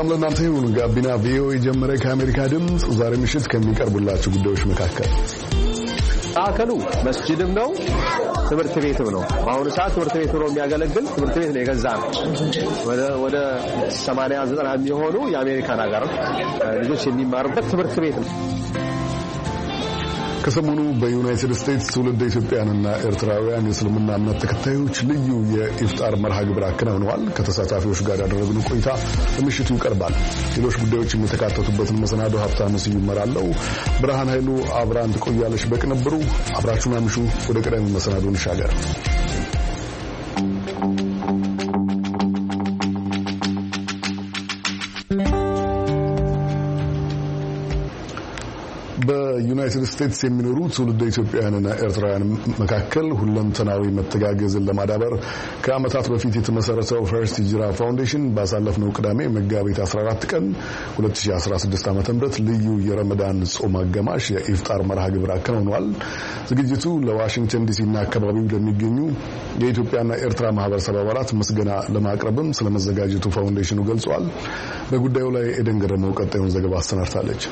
ሰላም ለእናንተ ይሁን። ጋቢና ቪኦኤ ጀመረ። ከአሜሪካ ድምፅ ዛሬ ምሽት ከሚቀርቡላቸው ጉዳዮች መካከል ማዕከሉ መስጅድም ነው፣ ትምህርት ቤትም ነው። በአሁኑ ሰዓት ትምህርት ቤት ሆኖ የሚያገለግል ትምህርት ቤት ነው የገዛ ነው። ወደ 80 90 የሚሆኑ የአሜሪካን ሀገር ልጆች የሚማሩበት ትምህርት ቤት ነው። ከሰሞኑ በዩናይትድ ስቴትስ ትውልደ ኢትዮጵያውያንና ኤርትራውያን የእስልምና እምነት ተከታዮች ልዩ የኢፍጣር መርሃ ግብር አከናውነዋል። ከተሳታፊዎች ጋር ያደረግነው ቆይታ በምሽቱ ይቀርባል። ሌሎች ጉዳዮችም የተካተቱበትን መሰናዶ ሀብታሙ ስዩም እመራለሁ። ብርሃን ኃይሉ አብራን ትቆያለች በቅንብሩ አብራችሁን አምሹ። ወደ ቀዳሚ መሰናዶ እንሻገር። ዩናይትድ ስቴትስ የሚኖሩ ትውልደ ኢትዮጵያውያንና ኤርትራውያን መካከል ሁለንተናዊ መተጋገዝን ለማዳበር ከዓመታት በፊት የተመሰረተው ፈርስት ጅራ ፋውንዴሽን ባሳለፍነው ቅዳሜ መጋቢት 14 ቀን 2016 ዓ ም ልዩ የረመዳን ጾም አጋማሽ የኢፍጣር መርሃ ግብር አከናውኗል። ዝግጅቱ ለዋሽንግተን ዲሲና አካባቢው ለሚገኙ የኢትዮጵያና ኤርትራ ማህበረሰብ አባላት መስገና ለማቅረብም ስለመዘጋጀቱ ፋውንዴሽኑ ገልጿል። በጉዳዩ ላይ ኤደን ገረመው ቀጣዩን ዘገባ አሰናድታለች።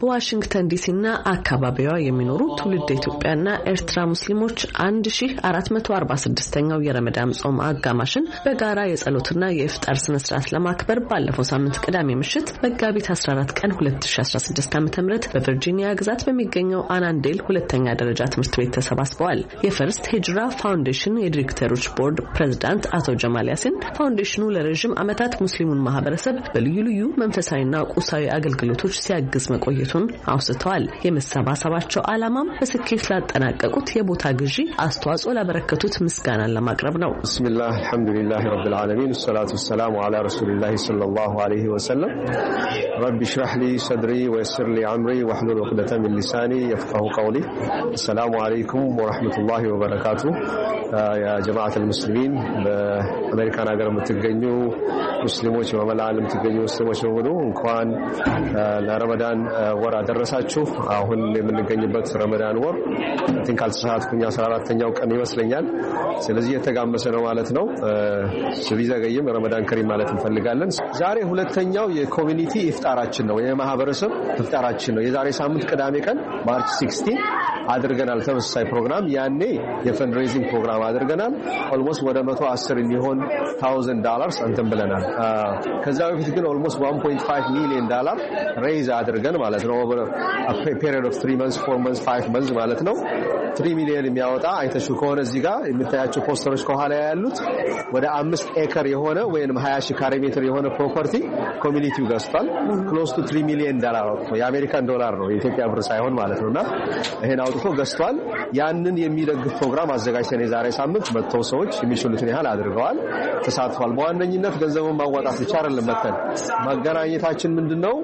በዋሽንግተን ዲሲና አካባቢዋ የሚኖሩ ትውልድ ኢትዮጵያና ኤርትራ ሙስሊሞች 1446ኛው የረመዳን ጾም አጋማሽን በጋራ የጸሎትና የኢፍጣር ስነስርዓት ለማክበር ባለፈው ሳምንት ቅዳሜ ምሽት መጋቢት 14 ቀን 2016 ዓ ም በቨርጂኒያ ግዛት በሚገኘው አናንዴል ሁለተኛ ደረጃ ትምህርት ቤት ተሰባስበዋል። የፈርስት ሂጅራ ፋውንዴሽን የዲሬክተሮች ቦርድ ፕሬዚዳንት አቶ ጀማል ያሲን ፋውንዴሽኑ ለረዥም ዓመታት ሙስሊሙን ማህበረሰብ በልዩ ልዩ መንፈሳዊና ቁሳዊ አገልግሎቶች ሲያግዝ መቆየ ውጤቱን አውስተዋል። የመሰባሰባቸው ዓላማም በስኬት ላጠናቀቁት የቦታ ግዢ አስተዋጽኦ ላበረከቱት ምስጋናን ለማቅረብ ነው። ብስሚላ አልሐምዱሊላ ረብ ዓለሚን ሰላቱ ወሰላሙ ላ ረሱሊላ ለ ላሁ ለ ወሰለም ረቢ ሽራሕ ሊ ሰድሪ ወየስር ሊ አምሪ ወሕሉል ዑቅደተ ምን ሊሳኒ የፍቀሁ ቀውሊ። አሰላሙ አለይኩም ወረሕመቱላሂ ወበረካቱ። የጀማዓት አልሙስሊሚን በአሜሪካን ሀገር የምትገኙ ሙስሊሞች፣ በመላ የምትገኙ ሙስሊሞች በሙሉ እንኳን ለረመዳን ወር አደረሳችሁ። አሁን የምንገኝበት ረመዳን ወር ቲንክ ካልተሳሳትኩኝ አስራ አራተኛው ቀን ይመስለኛል። ስለዚህ የተጋመሰ ነው ማለት ነው። ቢዘገይም ረመዳን ከሪም ማለት እንፈልጋለን። ዛሬ ሁለተኛው የኮሚኒቲ ኢፍጣራችን ነው፣ የማህበረሰብ ኢፍጣራችን ነው። የዛሬ ሳምንት ቅዳሜ ቀን ማርች 16 አድርገናል። ተመሳሳይ ፕሮግራም ያኔ የፈንድሬዚንግ ፕሮግራም አድርገናል። ኦልሞስት ወደ አስር የሚሆን ታውዘንድ ዳላርስ እንትን ብለናል። ከዛ በፊት ግን ኦልሞስት 1.5 ሚሊዮን ዳላር ሬይዝ አድርገን ማለት ነው ፔሪድ ኦፍ 3 መንስ 4 መንስ 5 ማለት ነው ትሪ ሚሊዮን የሚያወጣ አይተሹ ከሆነ እዚህ ጋር የምታያቸው ፖስተሮች ከኋላ ያሉት ወደ አምስት ኤከር የሆነ ወይም ሀያ ሺ ካሬ ሜትር የሆነ ፕሮፐርቲ ኮሚኒቲው ገዝቷል። ክሎስ ቱ ትሪ ሚሊዮን ዳላር የአሜሪካን ዶላር ነው የኢትዮጵያ ብር ሳይሆን ማለት ነውና ይሄን አውጥቶ ገዝቷል። ያንን የሚደግፍ ፕሮግራም አዘጋጅተን የዛሬ ሳምንት መጥተው ሰዎች የሚችሉትን ያህል አድርገዋል፣ ተሳትፏል። በዋነኝነት ገንዘቡን ማዋጣት ብቻ አይደለም። መተን መገናኘታችን ምንድን ነው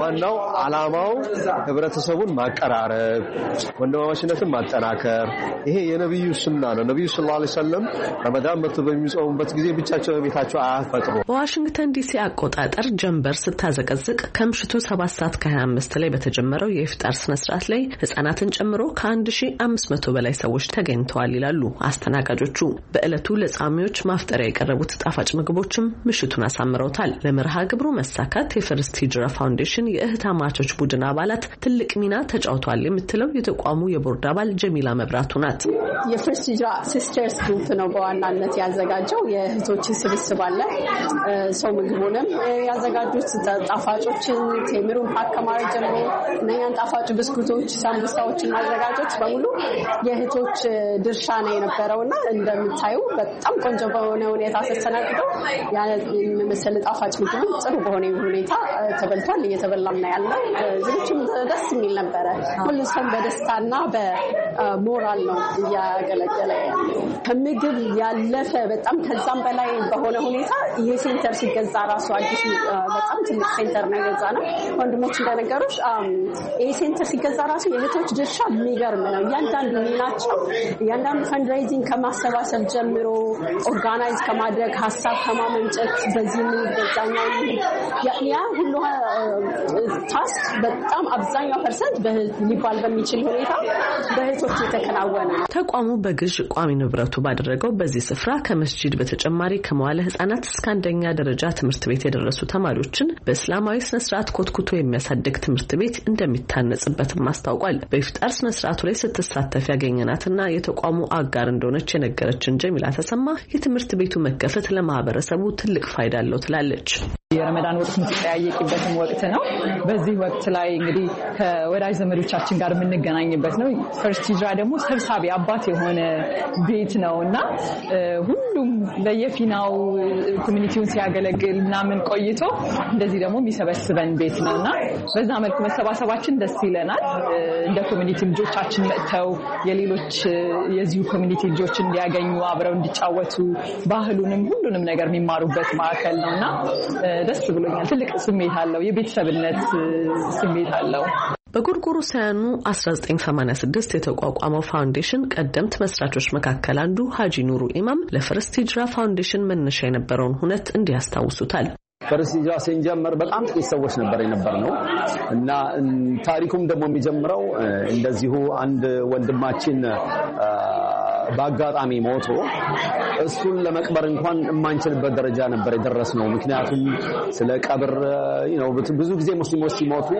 ዋናው ዓላማው ህብረተሰቡን ማቀራረብ፣ ወንድማማችነትን ማጠናከር። ይሄ የነቢዩ ስና ነው። ነቢዩ ስ ላ ሰለም ረመዳን መጥቶ በሚጾሙበት ጊዜ ብቻቸው በቤታቸው አያፈጥሩ። በዋሽንግተን ዲሲ አቆጣጠር ጀንበር ስታዘቀዝቅ ከምሽቱ ሰባት ሰዓት ከ25 ላይ በተጀመረው የኢፍጣር ስነስርዓት ላይ ህጻናትን ጨምሮ ከ1500 በላይ ሰዎች ተገኝተዋል ይላሉ አስተናጋጆቹ። በዕለቱ ለጻሚዎች ማፍጠሪያ የቀረቡት ጣፋጭ ምግቦችም ምሽቱን አሳምረውታል። ለመርሃ ግብሩ መሳካት የፈርስት ሂጅራ ፋውንዴሽን የእህትማማቾች ቡድን አባላት ትልቅ ሚና ተጫውተዋል የምትለው የተቋሙ የቦርድ አባል ጀሚላ መብራቱ ናት። የፈርስት ሂጅራ ሲስተርስ ግሩፕ ነው በዋናነት ያዘጋጀው። የእህቶችን ስብስብ አለ። ሰው ምግቡንም ያዘጋጁት ጣፋጮችን ቴምሩን ፓክ ከማድረግ ጀምሮ እነኛን ጣፋጭ ብስኩቶች፣ ሳምቡሳዎችን ማዘጋ ወላጆች በሙሉ የእህቶች ድርሻ ነው የነበረው እና እንደምታዩ በጣም ቆንጆ በሆነ ሁኔታ ስተናግደው ምስል ጣፋጭ ምግብ ጥሩ በሆነ ሁኔታ ተበልቷል። እየተበላም ነው ያለው። ዝግጅቱም ደስ የሚል ነበረ። ሁሉ ሰው በደስታና ሞራል ነው እያገለገለ ያለው። ከምግብ ያለፈ በጣም ከዛም በላይ በሆነ ሁኔታ ይሄ ሴንተር ሲገዛ ራሱ አዲስ በጣም ትልቅ ሴንተር ነው የገዛ ነው ወንድሞች እንደነገሮች ይሄ ሴንተር ሲገዛ ራሱ የእህቶች ድርሻ የሚገርም ነው። እያንዳንዱ ሚናቸው እያንዳንዱ ፈንድራይዚንግ ከማሰባሰብ ጀምሮ ኦርጋናይዝ ከማድረግ ሀሳብ ከማመንጨት በዚህ ምን የሚገዛኛው ያ ሁሉ ታስክ በጣም አብዛኛው ፐርሰንት ሊባል በሚችል ሁኔታ በእህቶ ዝግጅቶች የተከናወነ ተቋሙ በግዥ ቋሚ ንብረቱ ባደረገው በዚህ ስፍራ ከመስጂድ በተጨማሪ ከመዋለ ህጻናት እስከ አንደኛ ደረጃ ትምህርት ቤት የደረሱ ተማሪዎችን በእስላማዊ ስነስርዓት ኮትኩቶ የሚያሳድግ ትምህርት ቤት እንደሚታነጽበትም አስታውቋል። በኢፍጣር ስነስርዓቱ ላይ ስትሳተፍ ያገኘናትና የተቋሙ አጋር እንደሆነች የነገረችን ጀሚላ ተሰማ የትምህርት ቤቱ መከፈት ለማህበረሰቡ ትልቅ ፋይዳ አለው ትላለች። የረመዳን ወቅት የምትጠያየቂበትም ወቅት ነው። በዚህ ወቅት ላይ እንግዲህ ከወዳጅ ዘመዶቻችን ጋር የምንገናኝበት ነው። ፈርስት ሂጅራ ደግሞ ሰብሳቢ አባት የሆነ ቤት ነው እና ሁሉም ለየፊናው ኮሚኒቲውን ሲያገለግል ምናምን ቆይቶ እንደዚህ ደግሞ የሚሰበስበን ቤት ነው እና በዛ መልኩ መሰባሰባችን ደስ ይለናል። እንደ ኮሚኒቲ ልጆቻችን መጥተው የሌሎች የዚሁ ኮሚኒቲ ልጆች እንዲያገኙ አብረው እንዲጫወቱ ባህሉንም ሁሉንም ነገር የሚማሩበት ማዕከል ነው እና ደስ ብሎኛል። ትልቅ ስሜት አለው። የቤተሰብነት ስሜት አለው። ሳያኑ 1986 የተቋቋመው ፋውንዴሽን ቀደምት መስራቾች መካከል አንዱ ሀጂ ኑሩ ኢማም ለፈርስት ሂጅራ ፋውንዴሽን መነሻ የነበረውን ሁነት እንዲህ ያስታውሱታል። ፈርስት ሂጅራ ስንጀምር በጣም ጥቂት ሰዎች ነበር የነበር ነው እና ታሪኩም ደግሞ የሚጀምረው እንደዚሁ አንድ ወንድማችን በአጋጣሚ ሞቶ እሱን ለመቅበር እንኳን የማንችልበት ደረጃ ነበር ነው ምክንያቱም ስለ ቀብር ብዙ ጊዜ ሙስሊሞች ሲሞቱ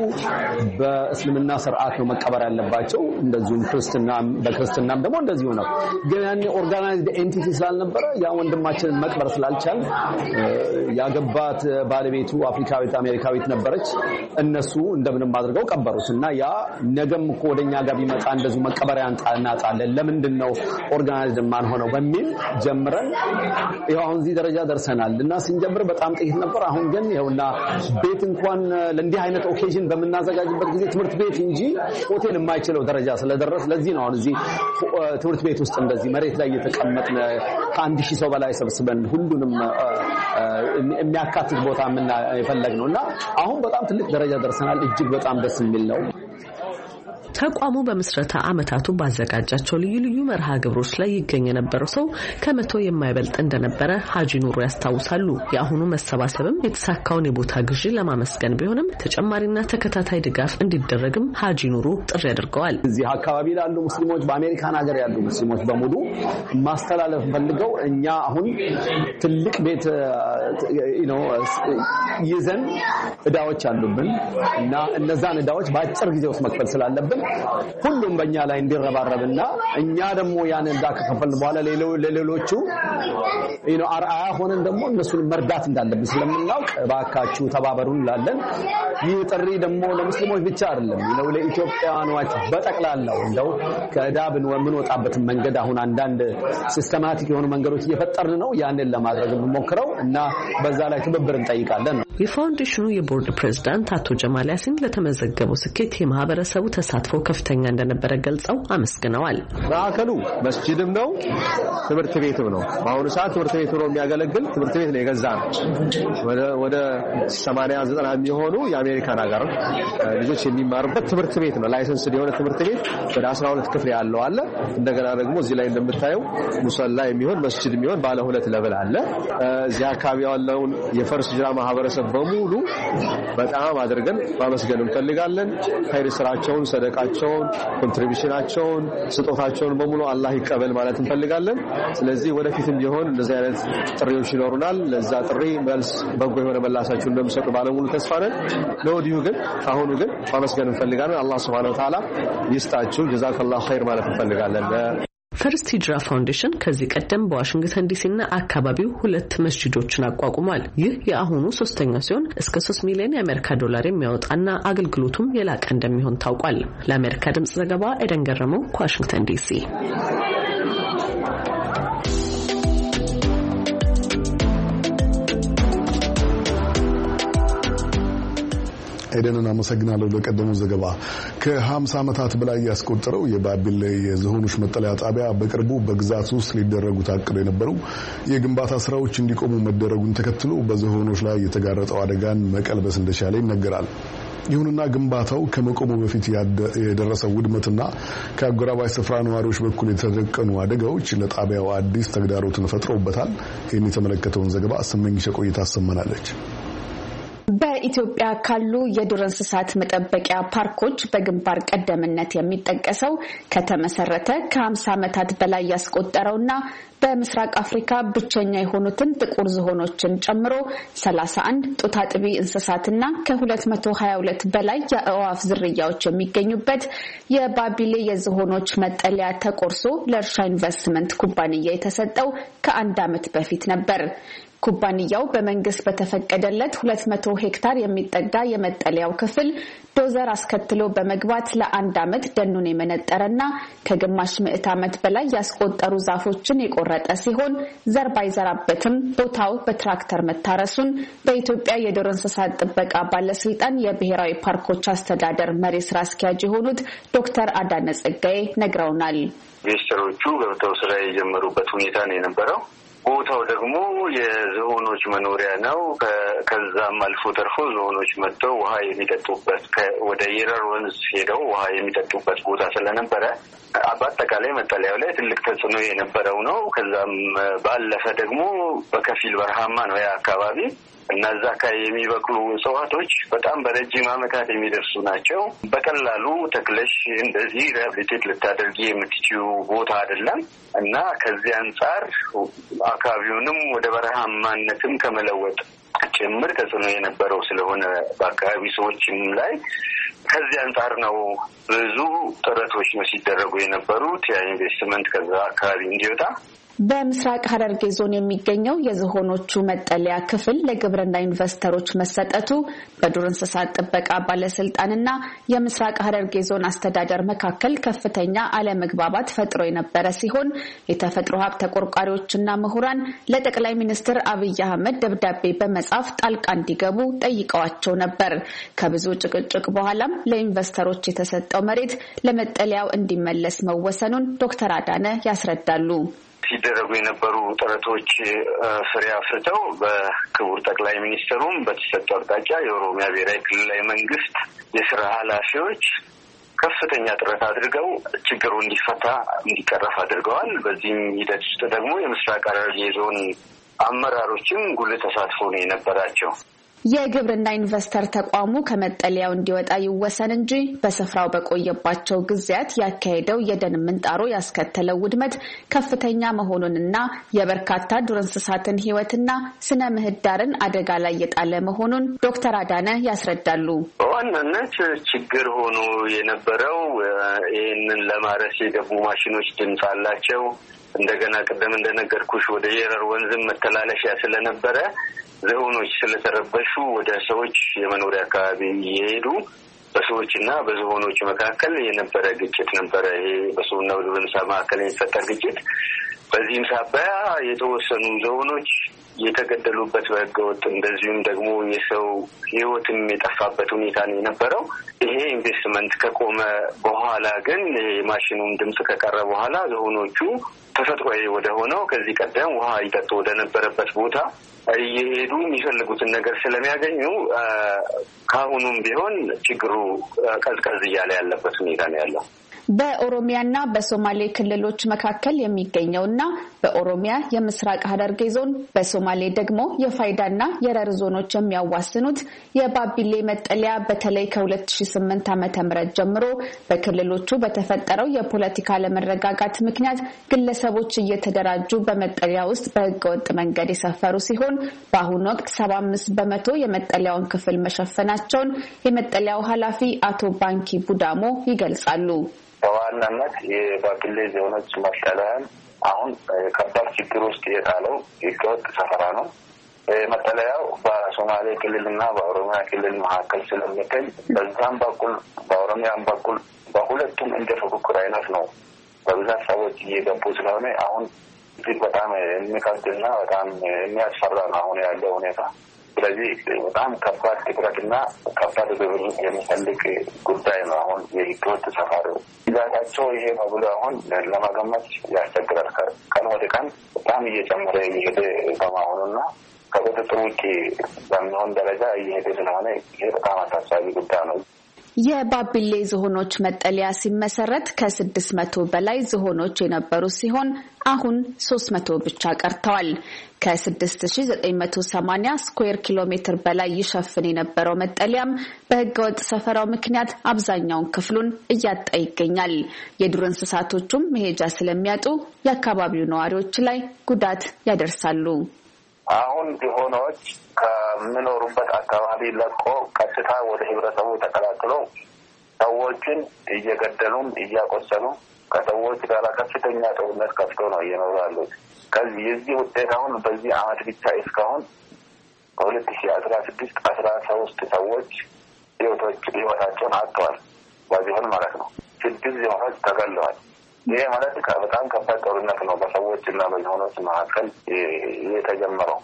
በእስልምና ስርዓት ነው መቀበር ያለባቸው። እንደዚሁም በክርስትናም ደግሞ እንደዚሁ ነው። ግን ያኔ ኦርጋናይዝድ ኤንቲቲ ስላልነበረ ያ ወንድማችንን መቅበር ስላልቻል ያገባት ባለቤቱ አፍሪካዊት አሜሪካዊት ነበረች። እነሱ እንደምንም አድርገው ቀበሩት እና ያ ነገም እኮ ወደኛ ጋር ቢመጣ እንደዚሁ መቀበሪያ እናጣለን። ለምንድን ነው ኦርጋናይዝድ የማንሆነው በሚል ጀምረን ይኸው አሁን እዚህ ደረጃ ደርሰናል እና ስንጀምር በጣም ጥቂት ነበር። አሁን ግን ይኸውና ቤት እንኳን ለእንዲህ አይነት ኦኬዥን በምናዘጋጅበት ጊዜ ትምህርት ቤት እንጂ ሆቴል የማይችለው ደረጃ ስለደረስ ለዚህ ነው አሁን እዚህ ትምህርት ቤት ውስጥ እንደዚህ መሬት ላይ እየተቀመጥን ከአንድ ሺህ ሰው በላይ ሰብስበን ሁሉንም የሚያካትት ቦታ የፈለግ ነው እና አሁን በጣም ትልቅ ደረጃ ደርሰናል። እጅግ በጣም ደስ የሚል ነው። ተቋሙ በምስረታ ዓመታቱ ባዘጋጃቸው ልዩ ልዩ መርሃ ግብሮች ላይ ይገኝ የነበረው ሰው ከመቶ የማይበልጥ እንደነበረ ሀጂ ኑሮ ያስታውሳሉ። የአሁኑ መሰባሰብም የተሳካውን የቦታ ግዢ ለማመስገን ቢሆንም ተጨማሪና ተከታታይ ድጋፍ እንዲደረግም ሀጂ ኑሩ ጥሪ አድርገዋል። እዚህ አካባቢ ላሉ ሙስሊሞች፣ በአሜሪካን ሀገር ያሉ ሙስሊሞች በሙሉ ማስተላለፍ ፈልገው እኛ አሁን ትልቅ ቤት ይዘን እዳዎች አሉብን እና እነዛን እዳዎች በአጭር ጊዜ ውስጥ መክፈል ስላለብን ሁሉም በእኛ ላይ እንዲረባረብና እኛ ደግሞ ያን እዳ ከከፈልን በኋላ ለሌሎቹ አርአያ ሆነን ደግሞ እነሱን መርዳት እንዳለብን ስለምናውቅ እባካችሁ ተባበሩ እንላለን። ይህ ጥሪ ደግሞ ለሙስሊሞች ብቻ አይደለም ነው ለኢትዮጵያውያኖች በጠቅላላው እንደው ከእዳ የምንወጣበትን መንገድ አሁን አንዳንድ ሲስተማቲክ የሆኑ መንገዶች እየፈጠርን ነው። ያንን ለማድረግ የምንሞክረው እና በዛ ላይ ትብብር እንጠይቃለን ነው። የፋውንዴሽኑ የቦርድ ፕሬዝዳንት አቶ ጀማል ያሲን ለተመዘገበው ስኬት የማህበረሰቡ ተሳትፎ ተሳትፎ ከፍተኛ እንደነበረ ገልጸው አመስግነዋል። ማዕከሉ መስጅድም ነው፣ ትምህርት ቤትም ነው። በአሁኑ ሰዓት ትምህርት ቤት ሆኖ የሚያገለግል ትምህርት ቤት ነው የገዛ ነው። ወደ ሰማንያ ዘጠና የሚሆኑ የአሜሪካን ሀገር ልጆች የሚማሩበት ትምህርት ቤት ነው። ላይሰንስ የሆነ ትምህርት ቤት ወደ 12 ክፍል ያለው አለ። እንደገና ደግሞ እዚህ ላይ እንደምታየው ሙሰላ የሚሆን መስጅድ የሚሆን ባለ ሁለት ለብል አለ። እዚህ አካባቢ ያለውን የፈርስ ጅራ ማህበረሰብ በሙሉ በጣም አድርገን ማመስገን እንፈልጋለን። ኸይር ስራቸውን ሰደ ምርቃቸውን፣ ኮንትሪቢሽናቸውን፣ ስጦታቸውን በሙሉ አላህ ይቀበል ማለት እንፈልጋለን። ስለዚህ ወደፊትም ቢሆን እንደዚህ አይነት ጥሪዎች ይኖሩናል። ለዛ ጥሪ መልስ በጎ የሆነ መላሳቸው እንደሚሰጡ ባለሙሉ ተስፋ ነን። ለወዲሁ ግን ከአሁኑ ግን ማመስገን እንፈልጋለን። አላህ ስብሃነ ወተዓላ ይስጣችሁ። ጀዛከላሁ ኸይር ማለት እንፈልጋለን። ፈርስት ሂጅራ ፋውንዴሽን ከዚህ ቀደም በዋሽንግተን ዲሲና አካባቢው ሁለት መስጂዶችን አቋቁሟል። ይህ የአሁኑ ሶስተኛው ሲሆን እስከ ሶስት ሚሊዮን የአሜሪካ ዶላር የሚያወጣና አገልግሎቱም የላቀ እንደሚሆን ታውቋል። ለአሜሪካ ድምጽ ዘገባ ኤደን ገረመው ከዋሽንግተን ዲሲ ኤደንን አመሰግናለሁ ለቀደመው ዘገባ። ከ50 ዓመታት በላይ ያስቆጠረው የባቢሌ የዝሆኖች መጠለያ ጣቢያ በቅርቡ በግዛት ውስጥ ሊደረጉ ታቅዶ የነበሩ የግንባታ ስራዎች እንዲቆሙ መደረጉን ተከትሎ በዝሆኖች ላይ የተጋረጠው አደጋን መቀልበስ እንደቻለ ይነገራል። ይሁንና ግንባታው ከመቆሙ በፊት የደረሰው ውድመትና ከአጎራባይ ስፍራ ነዋሪዎች በኩል የተደቀኑ አደጋዎች ለጣቢያው አዲስ ተግዳሮትን ፈጥረውበታል። ይህን የተመለከተውን ዘገባ ስመኝሸ ቆይታ በኢትዮጵያ ካሉ የዱር እንስሳት መጠበቂያ ፓርኮች በግንባር ቀደምነት የሚጠቀሰው ከተመሰረተ ከ50 ዓመታት በላይ ያስቆጠረውና በምስራቅ አፍሪካ ብቸኛ የሆኑትን ጥቁር ዝሆኖችን ጨምሮ 31 ጡት አጥቢ እንስሳትና ከ222 በላይ የእዋፍ ዝርያዎች የሚገኙበት የባቢሌ የዝሆኖች መጠለያ ተቆርሶ ለእርሻ ኢንቨስትመንት ኩባንያ የተሰጠው ከአንድ ዓመት በፊት ነበር። ኩባንያው በመንግስት በተፈቀደለት 200 ሄክታር የሚጠጋ የመጠለያው ክፍል ዶዘር አስከትሎ በመግባት ለአንድ ዓመት ደኑን የመነጠረና ከግማሽ ምዕት ዓመት በላይ ያስቆጠሩ ዛፎችን የቆረጠ ሲሆን ዘር ባይዘራበትም ቦታው በትራክተር መታረሱን በኢትዮጵያ የዱር እንስሳት ጥበቃ ባለስልጣን የብሔራዊ ፓርኮች አስተዳደር መሪ ስራ አስኪያጅ የሆኑት ዶክተር አዳነ ጸጋዬ ነግረውናል። ኢንቨስተሮቹ ገብተው ስራ የጀመሩበት ሁኔታ ነው የነበረው። ቦታው ደግሞ የዝሆኖች መኖሪያ ነው። ከዛም አልፎ ተርፎ ዝሆኖች መጥተው ውሃ የሚጠጡበት ወደ የረር ወንዝ ሄደው ውሃ የሚጠጡበት ቦታ ስለነበረ በአጠቃላይ መጠለያው ላይ ትልቅ ተጽዕኖ የነበረው ነው። ከዛም ባለፈ ደግሞ በከፊል በረሃማ ነው ያ አካባቢ እና እዛ አካባቢ የሚበቅሉ እጽዋቶች በጣም በረጅም ዓመታት የሚደርሱ ናቸው። በቀላሉ ተክለሽ እንደዚህ ሪሃብሊቴት ልታደርጊ የምትችው ቦታ አይደለም እና ከዚህ አንጻር አካባቢውንም ወደ በረሃማነትም ከመለወጥ ጭምር ተጽዕኖ የነበረው ስለሆነ በአካባቢ ሰዎችም ላይ ከዚህ አንጻር ነው ብዙ ጥረቶች ነው ሲደረጉ የነበሩት። ያ ኢንቨስትመንት ከዛ አካባቢ እንዲወጣ በምስራቅ ሐረርጌ ዞን የሚገኘው የዝሆኖቹ መጠለያ ክፍል ለግብርና ኢንቨስተሮች መሰጠቱ በዱር እንስሳት ጥበቃ ባለስልጣንና የምስራቅ ሐረርጌ ዞን አስተዳደር መካከል ከፍተኛ አለመግባባት ፈጥሮ የነበረ ሲሆን የተፈጥሮ ሀብት ተቆርቋሪዎችና ምሁራን ለጠቅላይ ሚኒስትር አብይ አህመድ ደብዳቤ በመጻፍ ጣልቃ እንዲገቡ ጠይቀዋቸው ነበር። ከብዙ ጭቅጭቅ በኋላም ለኢንቨስተሮች የተሰጠው መሬት ለመጠለያው እንዲመለስ መወሰኑን ዶክተር አዳነ ያስረዳሉ። ሲደረጉ የነበሩ ጥረቶች ፍሬ አፍርተው በክቡር ጠቅላይ ሚኒስትሩም በተሰጡ አቅጣጫ የኦሮሚያ ብሔራዊ ክልላዊ መንግስት የስራ ኃላፊዎች ከፍተኛ ጥረት አድርገው ችግሩ እንዲፈታ እንዲቀረፍ አድርገዋል። በዚህም ሂደት ውስጥ ደግሞ የምስራቅ ሐረርጌ ዞን አመራሮችም ጉልህ ተሳትፎ ነው የነበራቸው። የግብርና ኢንቨስተር ተቋሙ ከመጠለያው እንዲወጣ ይወሰን እንጂ በስፍራው በቆየባቸው ጊዜያት ያካሄደው የደን ምንጣሮ ያስከተለው ውድመት ከፍተኛ መሆኑንና የበርካታ ዱር እንስሳትን ሕይወትና ስነ ምህዳርን አደጋ ላይ የጣለ መሆኑን ዶክተር አዳነ ያስረዳሉ። በዋናነት ችግር ሆኖ የነበረው ይህንን ለማረስ የገቡ ማሽኖች ድምፅ አላቸው። እንደገና ቅደም እንደነገርኩሽ ወደ የረር ወንዝም መተላለሻ ስለነበረ ዝሆኖች ስለተረበሹ ወደ ሰዎች የመኖሪያ አካባቢ እየሄዱ በሰዎች እና በዝሆኖች መካከል የነበረ ግጭት ነበረ። ይሄ በሰውና በዱር መካከል የሚፈጠር ግጭት። በዚህም ሳቢያ የተወሰኑ ዝሆኖች የተገደሉበት በህገወጥ እንደዚሁም ደግሞ የሰው ህይወትም የጠፋበት ሁኔታ ነው የነበረው። ይሄ ኢንቨስትመንት ከቆመ በኋላ ግን የማሽኑም ድምፅ ከቀረ በኋላ ዝሆኖቹ ተፈጥሯዊ ወደ ሆነው ከዚህ ቀደም ውሃ ይጠጡ ወደነበረበት ቦታ እየሄዱ የሚፈልጉትን ነገር ስለሚያገኙ ከአሁኑም ቢሆን ችግሩ ቀዝቀዝ እያለ ያለበት ሁኔታ ነው ያለው። በኦሮሚያና በሶማሌ ክልሎች መካከል የሚገኘውና በኦሮሚያ የምስራቅ ሐረርጌ ዞን በሶማሌ ደግሞ የፋይዳና የረር ዞኖች የሚያዋስኑት የባቢሌ መጠለያ በተለይ ከ2008 ዓ ም ጀምሮ በክልሎቹ በተፈጠረው የፖለቲካ አለመረጋጋት ምክንያት ግለሰቦች እየተደራጁ በመጠለያ ውስጥ በህገወጥ መንገድ የሰፈሩ ሲሆን በአሁኑ ወቅት 75 በመቶ የመጠለያውን ክፍል መሸፈናቸውን የመጠለያው ኃላፊ አቶ ባንኪ ቡዳሞ ይገልጻሉ። በዋናነት የባቢሌ ዞኖች መጠለያን አሁን ከባድ ችግር ውስጥ የጣለው ህገወጥ ሰፈራ ነው። መጠለያው በሶማሌ ክልል እና በኦሮሚያ ክልል መካከል ስለሚገኝ በዛም በኩል በኦሮሚያም በኩል በሁለቱም እንደ ፉክክር አይነት ነው። በብዛት ሰዎች እየገቡ ስለሆነ አሁን እጅግ በጣም የሚከብድና በጣም የሚያስፈራ ነው አሁን ያለው ሁኔታ። ስለዚህ በጣም ከባድ ትኩረትና ከባድ ግብር የሚፈልግ ጉዳይ ነው። አሁን የህገወጥ ተሳፋሪው ይዛታቸው ይሄ ነው ብሎ አሁን ለመገመት ያስቸግራል። ቀን ወደ ቀን በጣም እየጨመረ እየሄደ በመሆኑና ከቁጥጥር ውጭ በሚሆን ደረጃ እየሄደ ስለሆነ ይሄ በጣም አሳሳቢ ጉዳይ ነው። የባቢሌ ዝሆኖች መጠለያ ሲመሰረት ከ600 በላይ ዝሆኖች የነበሩ ሲሆን አሁን 300 ብቻ ቀርተዋል። ከ6980 ስኩዌር ኪሎ ሜትር በላይ ይሸፍን የነበረው መጠለያም በህገወጥ ሰፈራው ምክንያት አብዛኛውን ክፍሉን እያጣ ይገኛል። የዱር እንስሳቶቹም መሄጃ ስለሚያጡ የአካባቢው ነዋሪዎች ላይ ጉዳት ያደርሳሉ። አሁን ቢሆኖች ከሚኖሩበት አካባቢ ለቆ ቀጥታ ወደ ህብረተሰቡ ተቀላቅሎ ሰዎችን እየገደሉም እያቆሰሉ ከሰዎች ጋር ከፍተኛ ጦርነት ከፍቶ ነው እየኖሩ ያሉት። ከዚህ የዚህ ውጤት አሁን በዚህ አመት ብቻ እስካሁን በሁለት ሺ አስራ ስድስት አስራ ሶስት ሰዎች ህይወቶች ህይወታቸውን አጥተዋል። በዚሁን ማለት ነው ስድስት ዝሆኖች ተገለዋል። ይሄ ማለት በጣም ከባድ ጦርነት ነው በሰዎች እና በዝሆኖች መካከል የተጀመረው።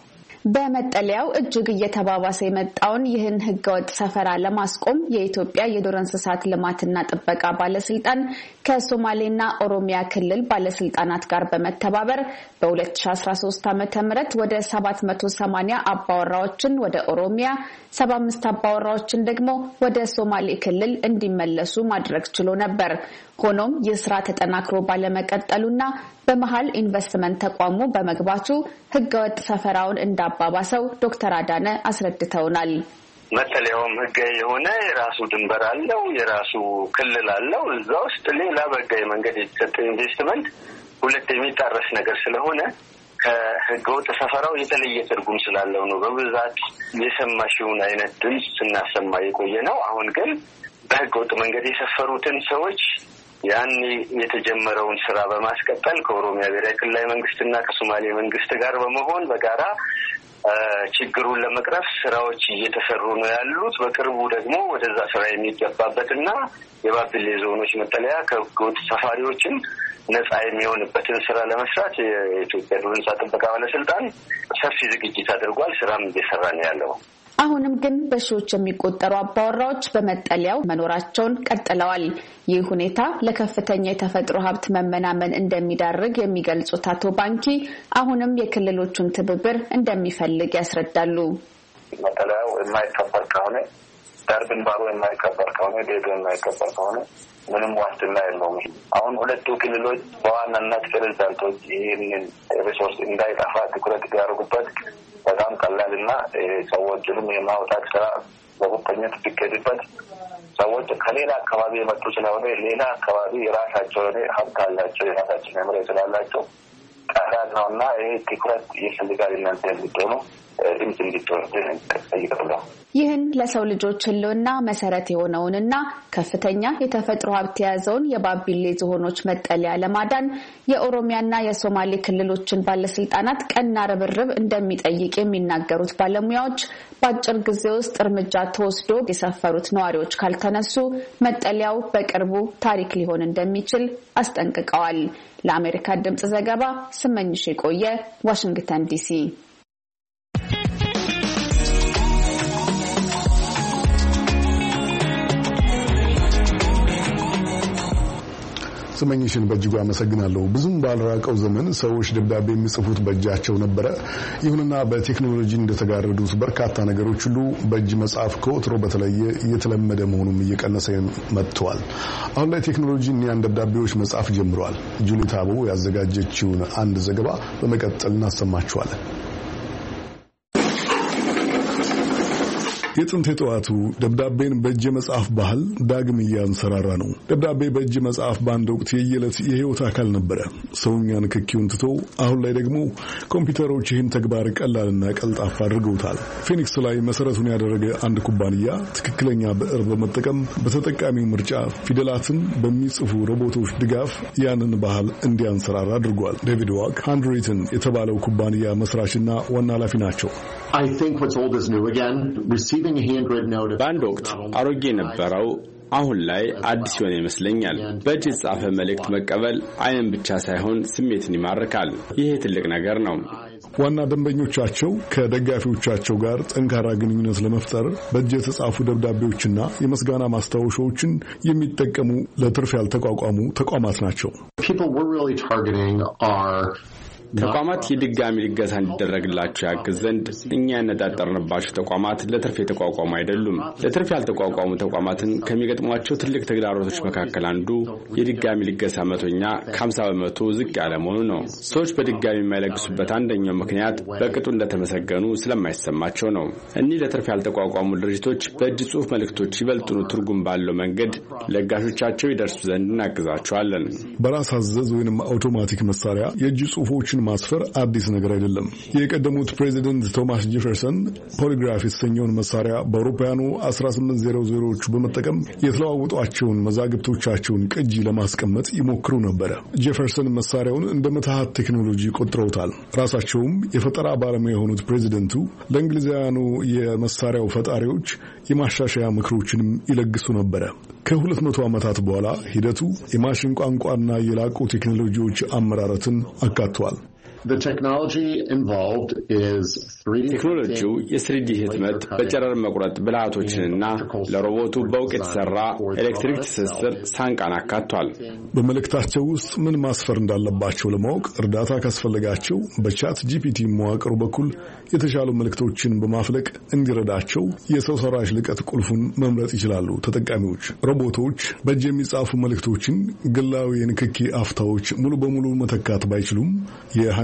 በመጠለያው እጅግ እየተባባሰ የመጣውን ይህን ህገወጥ ሰፈራ ለማስቆም የኢትዮጵያ የዱር እንስሳት ልማትና ጥበቃ ባለስልጣን ከሶማሌና ኦሮሚያ ክልል ባለስልጣናት ጋር በመተባበር በ2013 ዓ ም ወደ 780 አባወራዎችን ወደ ኦሮሚያ፣ 75 አባወራዎችን ደግሞ ወደ ሶማሌ ክልል እንዲመለሱ ማድረግ ችሎ ነበር። ሆኖም ይህ ስራ ተጠናክሮ ባለመቀጠሉና በመሀል ኢንቨስትመንት ተቋሙ በመግባቱ ህገወጥ ሰፈራውን እንዳባባሰው ዶክተር አዳነ አስረድተውናል። መጠለያውም ህጋዊ የሆነ የራሱ ድንበር አለው፣ የራሱ ክልል አለው። እዛ ውስጥ ሌላ በህጋዊ መንገድ የተሰጠ ኢንቨስትመንት ሁለት የሚጣረስ ነገር ስለሆነ ከህገወጥ ሰፈራው የተለየ ትርጉም ስላለው ነው። በብዛት የሰማሽውን አይነት ድምፅ ስናሰማ የቆየ ነው። አሁን ግን በህገወጥ መንገድ የሰፈሩትን ሰዎች ያን የተጀመረውን ስራ በማስቀጠል ከኦሮሚያ ብሔራዊ ክልላዊ መንግስትና ከሶማሌ መንግስት ጋር በመሆን በጋራ ችግሩን ለመቅረፍ ስራዎች እየተሰሩ ነው ያሉት። በቅርቡ ደግሞ ወደዛ ስራ የሚገባበትና የባቢሌ ዞኖች መጠለያ ከህገወጥ ሰፋሪዎችን ነጻ የሚሆንበትን ስራ ለመስራት የኢትዮጵያ ዱር እንስሳ ጥበቃ ባለስልጣን ሰፊ ዝግጅት አድርጓል። ስራም እየሰራ ነው ያለው። አሁንም ግን በሺዎች የሚቆጠሩ አባወራዎች በመጠለያው መኖራቸውን ቀጥለዋል። ይህ ሁኔታ ለከፍተኛ የተፈጥሮ ሀብት መመናመን እንደሚዳርግ የሚገልጹት አቶ ባንኪ አሁንም የክልሎቹን ትብብር እንደሚፈልግ ያስረዳሉ። መጠለያው የማይከበር ከሆነ ዳርብን ባሮ የማይከበር ከሆነ ዴዶ የማይከበር ከሆነ ምንም ዋስትና የለውም። አሁን ሁለቱ ክልሎች በዋናነት ፕሬዚዳንቶች ይህንን ሪሶርስ እንዳይጠፋ ትኩረት ያደርጉበት በጣም ቀላል እና ሰዎችንም የማውጣት ስራ በቁጠኝነት ቢካሄድበት ሰዎች ከሌላ አካባቢ የመጡ ስለሆነ ሌላ አካባቢ የራሳቸው የሆነ ሀብት አላቸው፣ የራሳቸው መምሪያ ስላላቸው ቀላል ነው እና ይሄ ትኩረት ይፈልጋል። እናንተ የምትሆኑ ድምፅ እንዲትወስድን ጠይቀለሁ። ይህን ለሰው ልጆች ሕልውና መሰረት የሆነውንና ከፍተኛ የተፈጥሮ ሀብት የያዘውን የባቢሌ ዝሆኖች መጠለያ ለማዳን የኦሮሚያና የሶማሌ ክልሎችን ባለስልጣናት ቀና ርብርብ እንደሚጠይቅ የሚናገሩት ባለሙያዎች በአጭር ጊዜ ውስጥ እርምጃ ተወስዶ የሰፈሩት ነዋሪዎች ካልተነሱ መጠለያው በቅርቡ ታሪክ ሊሆን እንደሚችል አስጠንቅቀዋል። ለአሜሪካ ድምፅ ዘገባ ስመኝሽ የቆየ ዋሽንግተን ዲሲ ስመኝሽን በእጅጉ አመሰግናለሁ። ብዙም ባልራቀው ዘመን ሰዎች ደብዳቤ የሚጽፉት በእጃቸው ነበረ። ይሁንና በቴክኖሎጂ እንደተጋረዱት በርካታ ነገሮች ሁሉ በእጅ መጽሐፍ ከወትሮ በተለየ እየተለመደ መሆኑም እየቀነሰ መጥተዋል። አሁን ላይ ቴክኖሎጂ እኒያን ደብዳቤዎች መጽሐፍ ጀምረዋል። ጁሊት አበቡ ያዘጋጀችውን አንድ ዘገባ በመቀጠል እናሰማችኋለን። የጥንት የጠዋቱ ደብዳቤን በእጅ መጽሐፍ ባህል ዳግም እያንሰራራ ነው። ደብዳቤ በእጅ መጽሐፍ በአንድ ወቅት የየዕለት የህይወት አካል ነበረ። ሰውኛ ንክኪውን ትቶ አሁን ላይ ደግሞ ኮምፒውተሮች ይህን ተግባር ቀላልና ቀልጣፋ አድርገውታል። ፊኒክስ ላይ መሰረቱን ያደረገ አንድ ኩባንያ ትክክለኛ ብዕር በመጠቀም በተጠቃሚው ምርጫ ፊደላትን በሚጽፉ ሮቦቶች ድጋፍ ያንን ባህል እንዲያንሰራራ አድርጓል። ዴቪድ ዋክ ሃንድሪትን የተባለው ኩባንያ መስራችና ዋና ኃላፊ ናቸው። በአንድ ወቅት አሮጌ የነበረው አሁን ላይ አዲስ የሆነ ይመስለኛል። በእጅ የተጻፈ መልእክት መቀበል አይንን ብቻ ሳይሆን ስሜትን ይማርካል። ይሄ ትልቅ ነገር ነው። ዋና ደንበኞቻቸው ከደጋፊዎቻቸው ጋር ጠንካራ ግንኙነት ለመፍጠር በእጅ የተጻፉ ደብዳቤዎችና የምስጋና ማስታወሻዎችን የሚጠቀሙ ለትርፍ ያልተቋቋሙ ተቋማት ናቸው። ተቋማት የድጋሚ ልገሳ እንዲደረግላቸው ያግዝ ዘንድ እኛ ያነጣጠርንባቸው ተቋማት ለትርፍ የተቋቋሙ አይደሉም። ለትርፍ ያልተቋቋሙ ተቋማትን ከሚገጥሟቸው ትልቅ ተግዳሮቶች መካከል አንዱ የድጋሚ ልገሳ መቶኛ ከ50 በመቶ ዝቅ ያለ መሆኑ ነው። ሰዎች በድጋሚ የማይለግሱበት አንደኛው ምክንያት በቅጡ እንደተመሰገኑ ስለማይሰማቸው ነው። እኒህ ለትርፍ ያልተቋቋሙ ድርጅቶች በእጅ ጽሑፍ መልእክቶች ይበልጥኑ ትርጉም ባለው መንገድ ለጋሾቻቸው ይደርሱ ዘንድ እናግዛቸዋለን። በራስ አዘዝ ወይም አውቶማቲክ መሳሪያ የእጅ ጽሑፎችን ሰዎችን ማስፈር አዲስ ነገር አይደለም። የቀደሙት ፕሬዚደንት ቶማስ ጄፈርሰን ፖሊግራፍ የተሰኘውን መሳሪያ በአውሮፓውያኑ 1800ዎቹ በመጠቀም የተለዋወጧቸውን መዛግብቶቻቸውን ቅጂ ለማስቀመጥ ይሞክሩ ነበረ። ጄፈርሰን መሳሪያውን እንደ መትሃት ቴክኖሎጂ ቆጥረውታል። ራሳቸውም የፈጠራ ባለሙያ የሆኑት ፕሬዚደንቱ ለእንግሊዛውያኑ የመሳሪያው ፈጣሪዎች የማሻሻያ ምክሮችንም ይለግሱ ነበረ። ከሁለት መቶ ዓመታት በኋላ ሂደቱ የማሽን ቋንቋና የላቁ ቴክኖሎጂዎች አመራረትን አካቷል። ቴክኖሎጂው የስሪዲ ህትመት በጨረር መቁረጥ ብልሃቶችንና ለሮቦቱ በውቅ የተሰራ ኤሌክትሪክ ትስስር ሳንቃን አካቷል። በመልእክታቸው ውስጥ ምን ማስፈር እንዳለባቸው ለማወቅ እርዳታ ካስፈለጋቸው በቻት ጂፒቲ መዋቅሩ በኩል የተሻሉ መልእክቶችን በማፍለቅ እንዲረዳቸው የሰው ሰራሽ ልቀት ቁልፉን መምረጥ ይችላሉ። ተጠቃሚዎች ሮቦቶች በእጅ የሚጻፉ መልእክቶችን ግላዊ የንክኪ አፍታዎች ሙሉ በሙሉ መተካት ባይችሉም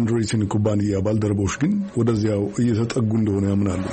የአንድሮይቲን ኩባንያ ባልደረቦች ግን ወደዚያው እየተጠጉ እንደሆነ ያምናሉ።